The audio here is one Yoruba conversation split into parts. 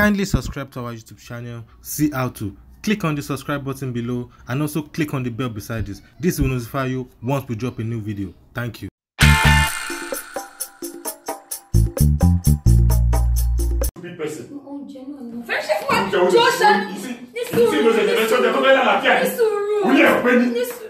Kindly subscribe to our YouTube channel, see how to. Click on the subscribe button below and also click on the bell beside this. This will notify you once we drop a new video. Thank you. Stupid person. Friendship one, Joseph. Ní sùúrù. Ní sùúrù. Ní sùúrù.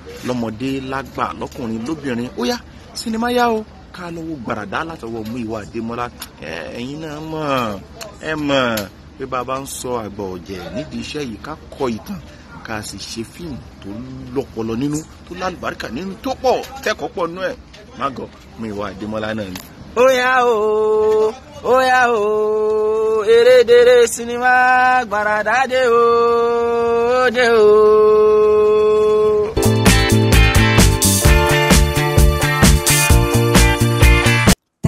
lọ́mọdé lágbà lọ́kùnrin lóbìnrin ó yá sinimá yá o ká lọ́wọ́ gbàràdá látọwọ́ mú ìwà àdémọ́lá ẹ̀yin náà mọ̀ ẹ mọ̀ pé bàbá ń sọ àgbà ọ̀jẹ̀ nídìí iṣẹ́ yìí ká kọ ìtàn ká sì ṣe fíìmù tó lọ́pọlọ nínú tó lálùbáríkà nínú tó pọ̀ kẹ́kọ̀ọ́ pọ̀ nú ẹ̀ má gọ̀ mú ìwà àdémọ́lá náà ni. ó yá o ó yá o erédèrè sinimá gbàràdá dé o dé o.